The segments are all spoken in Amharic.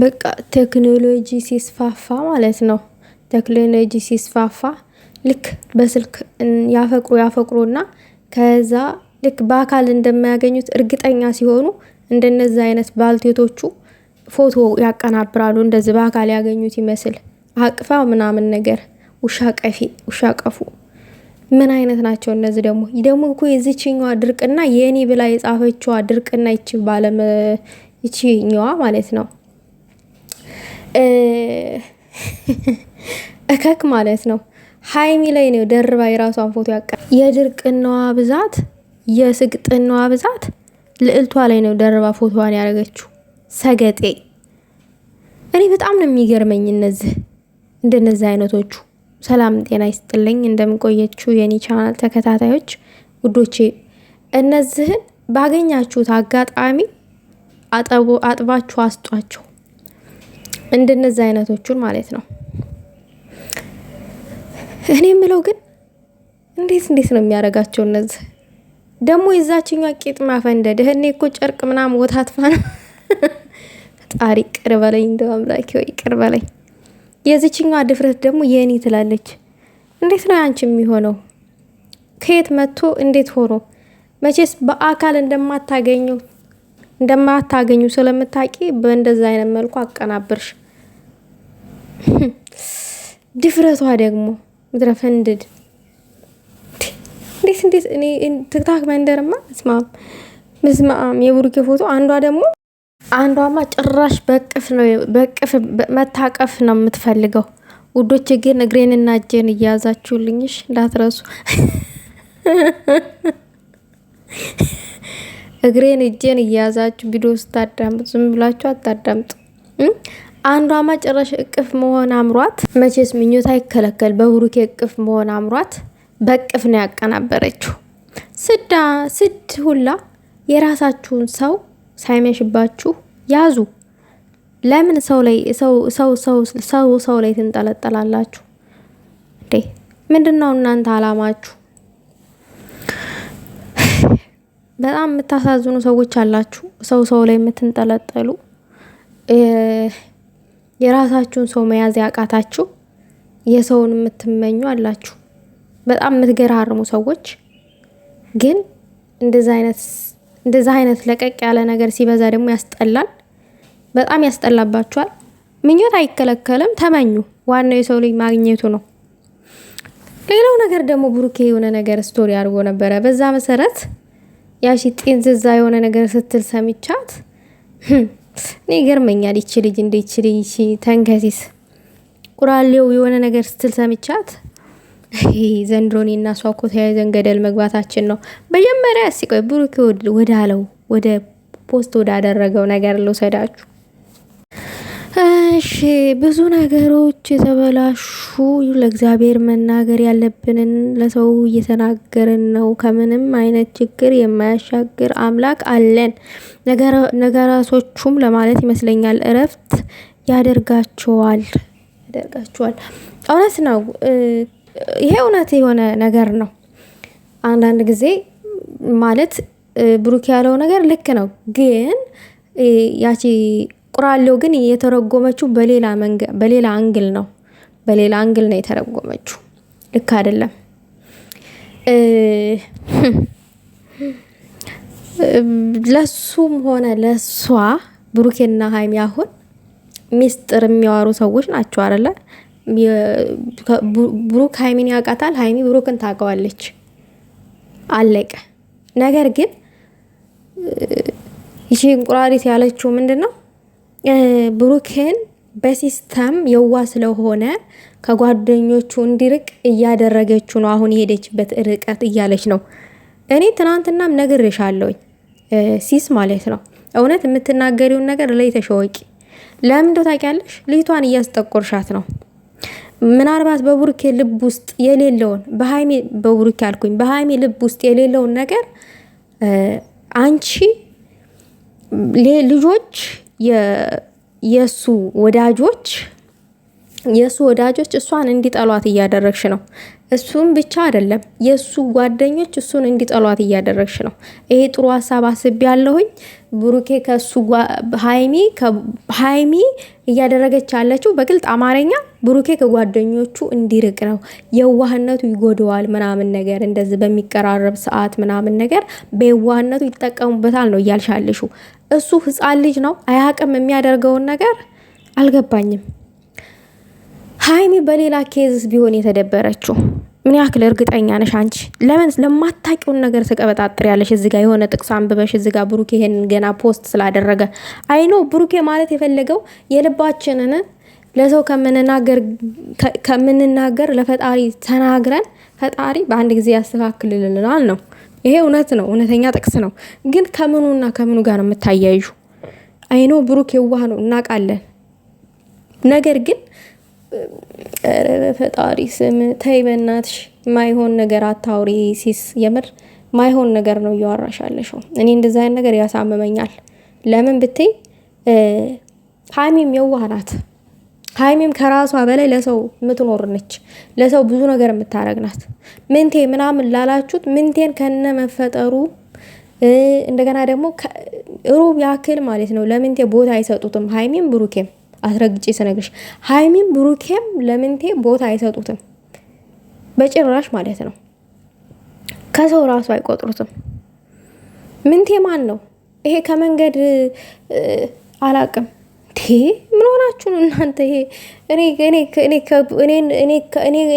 በቃ ቴክኖሎጂ ሲስፋፋ ማለት ነው። ቴክኖሎጂ ሲስፋፋ ልክ በስልክ ያፈቅሩ ያፈቅሩና ከዛ ልክ በአካል እንደማያገኙት እርግጠኛ ሲሆኑ እንደነዚህ አይነት ባልቴቶቹ ፎቶ ያቀናብራሉ። እንደዚህ በአካል ያገኙት ይመስል አቅፋ ምናምን ነገር ውሻ ቀፊ ውሻ ቀፉ ምን አይነት ናቸው እነዚህ? ደግሞ ደግሞ እኮ የዚችኛዋ ድርቅና የእኔ ብላ የጻፈችዋ ድርቅና ይቺ ባለም ይቺኛዋ ማለት ነው እከክ ማለት ነው። ሀይሚ ላይ ነው ደርባ የራሷን ፎቶ ያቀ የድርቅናዋ ብዛት የስግጥናዋ ብዛት ልዕልቷ ላይ ነው ደርባ ፎቶዋን ያደረገችው። ሰገጤ እኔ በጣም ነው የሚገርመኝ እነዚህ እንደነዚህ አይነቶቹ። ሰላም ጤና ይስጥልኝ፣ እንደምንቆየችው የኔ ቻናል ተከታታዮች ውዶቼ፣ እነዚህን ባገኛችሁት አጋጣሚ አጥባችሁ አስጧቸው። እንደነዚህ አይነቶቹን ማለት ነው። እኔ የምለው ግን እንዴት እንዴት ነው የሚያደርጋቸው እነዚህ ደግሞ የዛችኛ ቂጥ ማፈንደድ እኔ እኮ ጨርቅ ምናምን ወታትፋ ነው። ፈጣሪ ይቅር በለኝ፣ እንደው አምላኪ ወይ ይቅር በለኝ። የዚችኛዋ ድፍረት ደግሞ የእኔ ትላለች። እንዴት ነው አንቺ የሚሆነው? ከየት መጥቶ እንዴት ሆኖ መቼስ በአካል እንደማታገኘው እንደማታገኙ ስለምታቂ በእንደዛ አይነት መልኩ አቀናብርሽ። ድፍረቷ ደግሞ ምድረፈንድድ እንዴት እንዴት! እኔ ትክታክ መንደርማ ምስማም ምስማም የቡርኬ ፎቶ አንዷ ደግሞ አንዷማ ጭራሽ በቅፍ ነው በቅፍ መታቀፍ ነው የምትፈልገው። ውዶች ግን እግሬንና እጄን እያያዛችሁልኝሽ እንዳትረሱ። እግሬን እጄን እያያዛችሁ ቪዲዮ ስታዳምጡ ዝም ብላችሁ አታዳምጡ። አንዷ ጭራሽ እቅፍ መሆን አምሯት፣ መቼስ ምኞት አይከለከል። በብሩኬ እቅፍ መሆን አምሯት በእቅፍ ነው ያቀናበረችው። ስዳ ስድ ሁላ የራሳችሁን ሰው ሳይመሽባችሁ ያዙ። ለምን ሰው ላይ ሰው ሰው ሰው ሰው ላይ ትንጠለጠላላችሁ እንዴ? ምንድን ነው እናንተ አላማችሁ? በጣም የምታሳዝኑ ሰዎች አላችሁ። ሰው ሰው ላይ የምትንጠለጠሉ የራሳችሁን ሰው መያዝ ያቃታችሁ የሰውን የምትመኙ አላችሁ። በጣም የምትገራርሙ ሰዎች ግን እንደዛ አይነት ለቀቅ ያለ ነገር ሲበዛ ደግሞ ያስጠላል። በጣም ያስጠላባችኋል። ምኞት አይከለከልም፣ ተመኙ። ዋናው የሰው ልጅ ማግኘቱ ነው። ሌላው ነገር ደግሞ ብሩኬ የሆነ ነገር ስቶሪ አድርጎ ነበረ። በዛ መሰረት ያሺ ጤንዝዛ የሆነ ነገር ስትል ሰምቻት እኔ ገርመኛል። ይቺ ልጅ እንደ ይቺ ልጅ ተንከሲስ ቁራሌው የሆነ ነገር ስትል ሰምቻት ዘንድሮኔ እና እሷ እኮ ተያይዘን ገደል መግባታችን ነው። መጀመሪያ እስኪ ቆይ ብሩኬ ወደ አለው ወደ ፖስት ወዳደረገው ነገር ልውሰዳችሁ። እሺ ብዙ ነገሮች የተበላሹ ለእግዚአብሔር መናገር ያለብንን ለሰው እየተናገርን ነው። ከምንም አይነት ችግር የማያሻግር አምላክ አለን። ነገራሶቹም ለማለት ይመስለኛል እረፍት ያደርጋቸዋል ያደርጋቸዋል። እውነት ነው። ይሄ እውነት የሆነ ነገር ነው። አንዳንድ ጊዜ ማለት ብሩክ ያለው ነገር ልክ ነው ግን ያቺ ቁራሌው ግን የተረጎመችው በሌላ መንገድ በሌላ አንግል ነው በሌላ አንግል ነው የተረጎመችው። ልክ አይደለም። ለሱም ሆነ ለሷ ብሩኬና ሀይሚ አሁን ሚስጥር የሚያወሩ ሰዎች ናቸው አይደለ? ብሩክ ሀይሚን ያውቃታል፣ ሀይሚ ብሩክን ታውቀዋለች። አለቀ። ነገር ግን ይቺ እንቁራሪት ያለችው ምንድን ነው? ብሩክን በሲስተም የዋ ስለሆነ ከጓደኞቹ እንዲርቅ እያደረገችው ነው። አሁን የሄደችበት ርቀት እያለች ነው። እኔ ትናንትናም ነግሬሻለሁኝ፣ ሲስ ማለት ነው። እውነት የምትናገሪውን ነገር ላይ ተሸወቂ። ለምን እንደው ታውቂያለሽ፣ ልጅቷን እያስጠቆርሻት ነው። ምናልባት በቡርኬ ልብ ውስጥ የሌለውን በሀይሜ በቡርኬ አልኩኝ፣ በሀይሜ ልብ ውስጥ የሌለውን ነገር አንቺ ልጆች የእሱ ወዳጆች የእሱ ወዳጆች እሷን እንዲጠሏት እያደረግሽ ነው። እሱም ብቻ አይደለም የእሱ ጓደኞች እሱን እንዲጠሏት እያደረግሽ ነው። ይሄ ጥሩ ሀሳብ አስቤ ያለሁኝ ብሩኬ ከሱ ሀይሚ ሀይሚ እያደረገች ያለችው በግልጥ አማርኛ ብሩኬ ከጓደኞቹ እንዲርቅ ነው። የዋህነቱ ይጎደዋል ምናምን ነገር እንደዚህ በሚቀራረብ ሰዓት ምናምን ነገር በየዋህነቱ ይጠቀሙበታል ነው እያልሻለሹ። እሱ ህፃን ልጅ ነው አያቅም የሚያደርገውን ነገር አልገባኝም። ሀይሚ በሌላ ኬዝስ ቢሆን የተደበረችው ምን ያክል እርግጠኛ ነሽ አንቺ? ለምን ለማታቂውን ነገር ተቀበጣጥር ያለሽ? እዚጋ የሆነ ጥቅስ አንብበሽ እዚጋ ብሩኬ ይሄን ገና ፖስት ስላደረገ አይኖ ብሩኬ ማለት የፈለገው የልባችንን ለሰው ከምንናገር ለፈጣሪ ተናግረን ፈጣሪ በአንድ ጊዜ ያስተካክልልናል ነው። ይሄ እውነት ነው፣ እውነተኛ ጥቅስ ነው። ግን ከምኑና ከምኑ ጋር ነው የምታያይዡ? አይኖ ብሩክ የዋህ ነው እናውቃለን። ነገር ግን ኧረ በፈጣሪ ስም ተይ በእናትሽ ማይሆን ነገር አታውሪ። ሲስ የምር ማይሆን ነገር ነው እያወራሻለሽው። እኔ እንደዛ አይነት ነገር ያሳምመኛል። ለምን ብትይ ሀይሚም የዋህ ናት። ሀይሚም ከራሷ በላይ ለሰው የምትኖር ነች። ለሰው ብዙ ነገር የምታደረግናት? ናት። ምንቴ ምናምን ላላችሁት ምንቴን ከነ መፈጠሩ እንደገና ደግሞ ሩብ ያክል ማለት ነው ለምንቴ ቦታ አይሰጡትም ሀይሚም ብሩኬም አስረግጬ ስነግርሽ ሀይሚም ብሩኬም ለምንቴ ቦታ አይሰጡትም በጭራሽ ማለት ነው። ከሰው ራሱ አይቆጥሩትም። ምንቴ ማን ነው ይሄ? ከመንገድ አላቅም ቴ ምን ሆናችሁ ነው እናንተ? ይሄ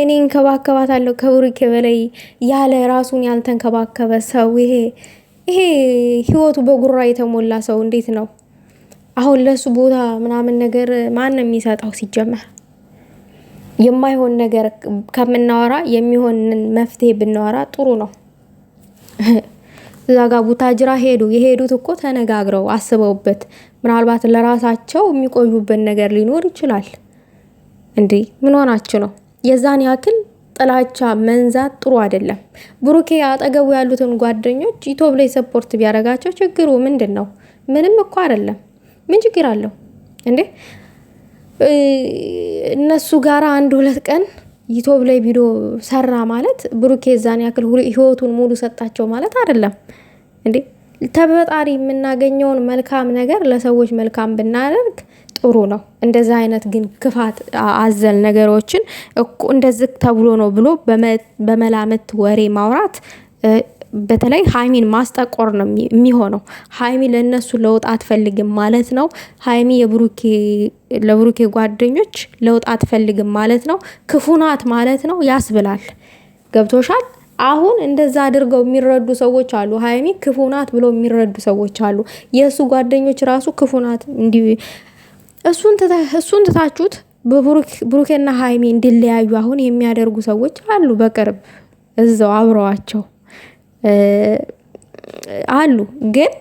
እኔ እንከባከባታለሁ ከብሩኬ በላይ ያለ ራሱን ያልተንከባከበ ሰው ይሄ ይሄ ህይወቱ በጉራ የተሞላ ሰው እንዴት ነው? አሁን ለሱ ቦታ ምናምን ነገር ማን ነው የሚሰጠው? ሲጀመር የማይሆን ነገር ከምናወራ የሚሆንን መፍትሄ ብናወራ ጥሩ ነው። እዛ ጋር ቡታጅራ ሄዱ። የሄዱት እኮ ተነጋግረው አስበውበት፣ ምናልባት ለራሳቸው የሚቆዩበት ነገር ሊኖር ይችላል። እንዴ ምን ሆናችሁ ነው? የዛን ያክል ጥላቻ መንዛት ጥሩ አይደለም። ብሩኬ አጠገቡ ያሉትን ጓደኞች ኢትዮብ ላይ ሰፖርት ቢያደርጋቸው ችግሩ ምንድን ነው? ምንም እኮ አይደለም። ምን ችግር አለው እንዴ? እነሱ ጋር አንድ ሁለት ቀን ዩቲዩብ ላይ ቪዲዮ ሰራ ማለት ብሩኬ ዛን ያክል ህይወቱን ሙሉ ሰጣቸው ማለት አይደለም እንዴ። ተበጣሪ የምናገኘውን መልካም ነገር ለሰዎች መልካም ብናደርግ ጥሩ ነው። እንደዛ አይነት ግን ክፋት አዘል ነገሮችን እንደዚህ ተብሎ ነው ብሎ በመላምት ወሬ ማውራት በተለይ ሀይሚን ማስጠቆር ነው የሚሆነው። ሀይሚ ለእነሱ ለውጥ አትፈልግም ማለት ነው። ሀይሚ ለብሩኬ ጓደኞች ለውጥ አትፈልግም ማለት ነው። ክፉ ናት ማለት ነው ያስብላል። ገብቶሻል? አሁን እንደዛ አድርገው የሚረዱ ሰዎች አሉ። ሀይሚ ክፉናት ብሎ የሚረዱ ሰዎች አሉ። የእሱ ጓደኞች ራሱ ክፉናት ናት እሱን ትታችሁት ብሩኬና ሀይሚ እንዲለያዩ አሁን የሚያደርጉ ሰዎች አሉ። በቅርብ እዛው አብረዋቸው አሉ ግን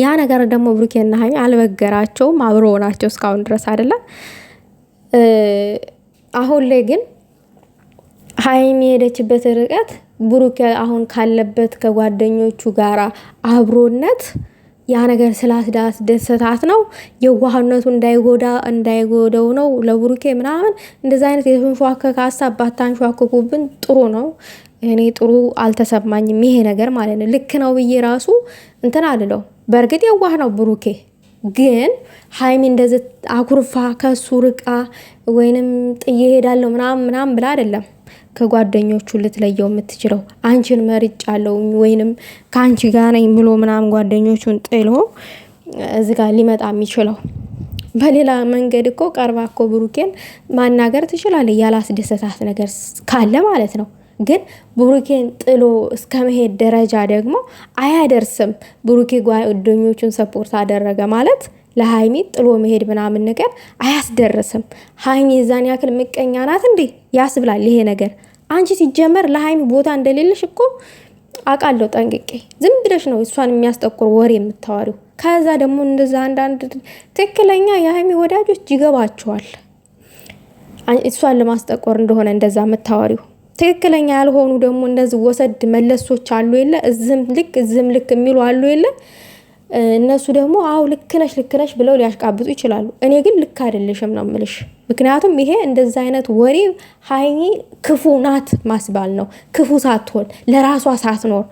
ያ ነገር ደግሞ ብሩኬና ሀይሚ አልበገራቸውም። አብሮ ናቸው እስካሁን ድረስ አይደለም። አሁን ላይ ግን ሀይሚ የሄደችበት ርቀት ብሩኬ አሁን ካለበት ከጓደኞቹ ጋራ አብሮነት ያ ነገር ስላስዳስ ደሰታት ነው የዋህነቱ እንዳይጎዳ እንዳይጎደው ነው ለቡሩኬ ምናምን እንደዚ አይነት የተንሸዋከከ ሀሳብ ባታንሸዋከኩብን ጥሩ ነው። እኔ ጥሩ አልተሰማኝም ይሄ ነገር ማለት ነው። ልክ ነው ብዬ ራሱ እንትን አልለው። በእርግጥ የዋህ ነው ብሩኬ ግን ሀይሚ እንደዚ አኩርፋ ከሱ ርቃ ወይንም ጥዬ ሄዳለሁ ምናምን ምናምን ብላ አይደለም ከጓደኞቹ ልትለየው የምትችለው አንቺን መርጫ አለው ወይንም ከአንቺ ጋር ነኝ ብሎ ምናምን ጓደኞቹን ጥሎ እዚ ጋር ሊመጣ የሚችለው በሌላ መንገድ እኮ ቀርባ እኮ ብሩኬን ማናገር ትችላለ ያላስደሰታት ነገር ካለ ማለት ነው። ግን ብሩኬን ጥሎ እስከ መሄድ ደረጃ ደግሞ አያደርስም። ብሩኬ ጓደኞቹን ሰፖርት አደረገ ማለት ለሀይሚ ጥሎ መሄድ ምናምን ነገር አያስደርስም። ሀይሚ የዛን ያክል ምቀኛ ናት እንዴ? ያስብላል ይሄ ነገር። አንቺ ሲጀመር ለሀይሚ ቦታ እንደሌለሽ እኮ አውቃለሁ ጠንቅቄ። ዝም ብለሽ ነው እሷን የሚያስጠቁር ወሬ የምታወሪው። ከዛ ደግሞ እንደዛ አንዳንድ ትክክለኛ የሀይሚ ወዳጆች ይገባቸዋል እሷን ለማስጠቆር እንደሆነ እንደዛ የምታወሪው። ትክክለኛ ያልሆኑ ደግሞ እንደዚህ ወሰድ መለሶች አሉ የለ፣ እዝም ልክ እዝም ልክ የሚሉ አሉ የለ እነሱ ደግሞ አው ልክነሽ ልክነሽ ብለው ሊያሽቃብጡ ይችላሉ። እኔ ግን ልክ አይደለሽም ነው ምልሽ። ምክንያቱም ይሄ እንደዛ አይነት ወሬ ሀይሚ ክፉ ናት ማስባል ነው። ክፉ ሳትሆን ለራሷ ሳትኖር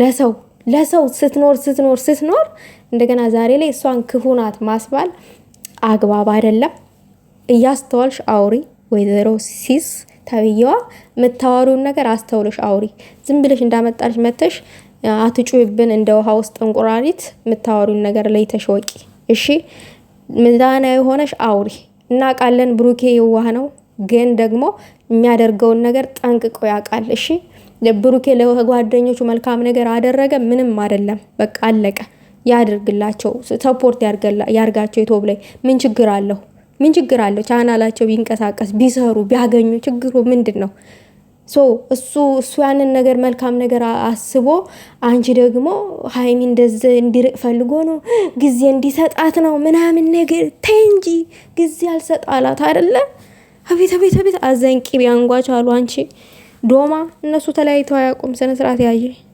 ለሰው ለሰው ስትኖር ስትኖር ስትኖር እንደገና ዛሬ ላይ እሷን ክፉ ናት ማስባል አግባብ አይደለም። እያስተዋልሽ አውሪ ወይዘሮ ሲስ ተብዬዋ የምታወሪውን ነገር አስተውለሽ አውሪ። ዝም ብለሽ እንዳመጣልሽ መተሽ አትጩይብን፣ እንደ ውሃ ውስጥ እንቁራሪት የምታወሪውን ነገር ላይ ተሸወቂ። እሺ ምዛና የሆነች አውሪ። እናውቃለን ብሩኬ የዋህ ነው፣ ግን ደግሞ የሚያደርገውን ነገር ጠንቅቆ ያውቃል። እሺ ብሩኬ ለጓደኞቹ መልካም ነገር አደረገ፣ ምንም አይደለም፣ በቃ አለቀ። ያድርግላቸው፣ ሰፖርት ያርጋቸው። የቶብ ላይ ምን ችግር አለው? ምን ችግር አለው? ቻናላቸው ቢንቀሳቀስ ቢሰሩ ቢያገኙ ችግሩ ምንድን ነው? ሶ እሱ እሱ ያንን ነገር መልካም ነገር አስቦ አንቺ ደግሞ ሀይሚ እንደዚ እንዲርቅ ፈልጎ ነው ጊዜ እንዲሰጣት ነው ምናምን ነገር ተይ እንጂ ጊዜ አልሰጥ አላት አይደለ? አቤት አቤት አቤት አዘንቂ ቢያንጓች አሉ አንቺ ዶማ እነሱ ተለያይተው አያውቁም። ስነስርዓት ያየ